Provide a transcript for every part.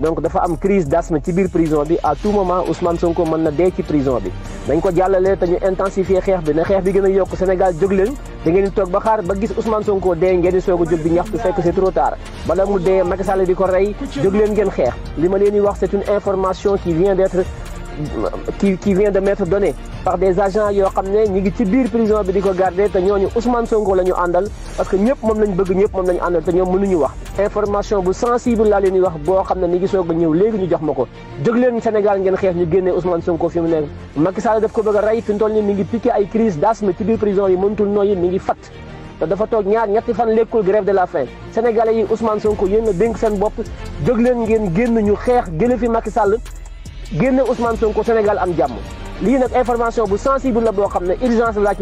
donc dafa am crise d'asthme ci biir prison bi à tout moment Ousmane Sonko mën na dee ci prison bi dañ ko jàllale te ñu intensifier xeex bi na xeex bi gën a yokk Sénégal jóg leen da ngeen di toog ba xaar ba gis Ousmane Sonko dee ngeen di soog a jóg di ñaxtu fekk c'est trop tard bala mu dee Macky Sall di ko rey jóg leen ngeen xeex li ma leen di wax c'est une information qui vient d'être qui qui vient de m'être donnée par des agents yo xamné ñi ñu ngi ci biir prison bi diko garder té ñoñu Ousmane Sonko lañu andal parce que ñepp mom lañ bëgg ñepp mom la andal té ñom mënuñu wax information bu sensible la leen wax bo xamné ñi ni ngi soog a ñëw ñu jox mako ko leen Sénégal ngeen xeex ñu génné Ousmane Sonko fi mu nekk Macky Sall daf ko bëgg ray fi toll mi ngi piqué ay crise d'asthme ci biir prison yi mëntul noyé, mi ngi fat te dafa tok ñaar ñetti fan lekkul grève de la faim sénégalais yi Ousmane Sonko yéen a dénk seen bopp leen ngeen génn ñu xeex génn fi Macky Sall génne Ousmane Sonko Sénégal am jamm lii nag information bu sensible la boo xam ne urgence laaj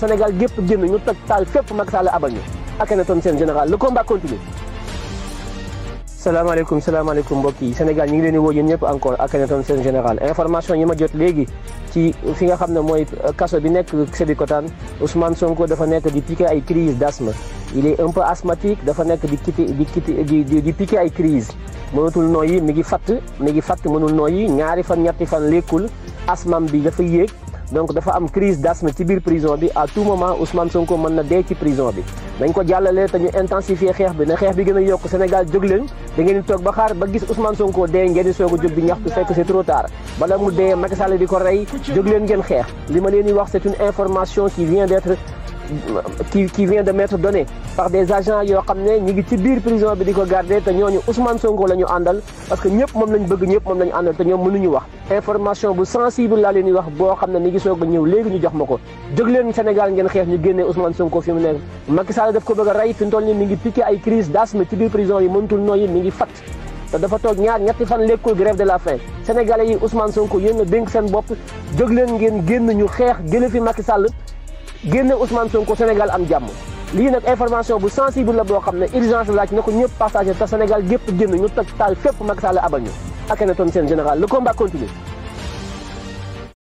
Sénégal gépp génn ñu toj taal fépp Macky Sall abal ñu général le combat continue salaamaaleykum salaamaaleykum mbokk Sénégal ñu ngi encore général information yi ma jot ci Ousmane Sonko dafa nekk di crise d'asthme il est un peu asthmatique dafa nekk di crise asmam bi dafa yéeg donc dafa am crise d'asthme ci biir prison bi à tout moment Ousmane Sonko mën na dee ci prison bi dañ ko jàllale te ñu intensifier xeex bi na xeex bi gën a yokk Sénégal jóg leen da ngeen di toog ba xaar ba gis Ousmane Sonko dee ngeen di soog a jóg di ñaxtu fekk c'est trop tard bala mu dee Macky Sall di ko rey jóg leen ngeen xeex li ma leen di wax c'est une information qui vient d'être qui qui vient de m'être donné par des agents yo xamné ñi ngi ci biir prison bi diko ko garder te ñooñu Ousmane Sonko lañu andal parce que ñepp mom lañu bëgg ñepp mom lañu andal té ñom ñoom mënuñu wax information bu sensible la leen di wax bo xamné ñi ni ngi soog a ñëw ñu jox mako ko leen Sénégal ngeen xeex ñu génné Ousmane Sonko fi mu nekk Macky Sall daf ko bëgg ray rey fi mu toll mi ngi piqué ay crise d'asthme ci biir prison yi mëntul nooyi mi ngi fat te dafa tok ñaar ñetti fan lekkul grève de la faim sénégalais yi Ousmane Sonko yéen a sen bop bopp leen ngeen génn ñu xeex jële fi Macky Sall génne Ousmane Sonko Sénégal am jàmm lii nag information bu sensible la boo xam ne urgence laaj na ko ñëpp partagé te Sénégal gépp génn ñu toj taal fépp Macky Sall abal ñu. Akhenaton seen général le continue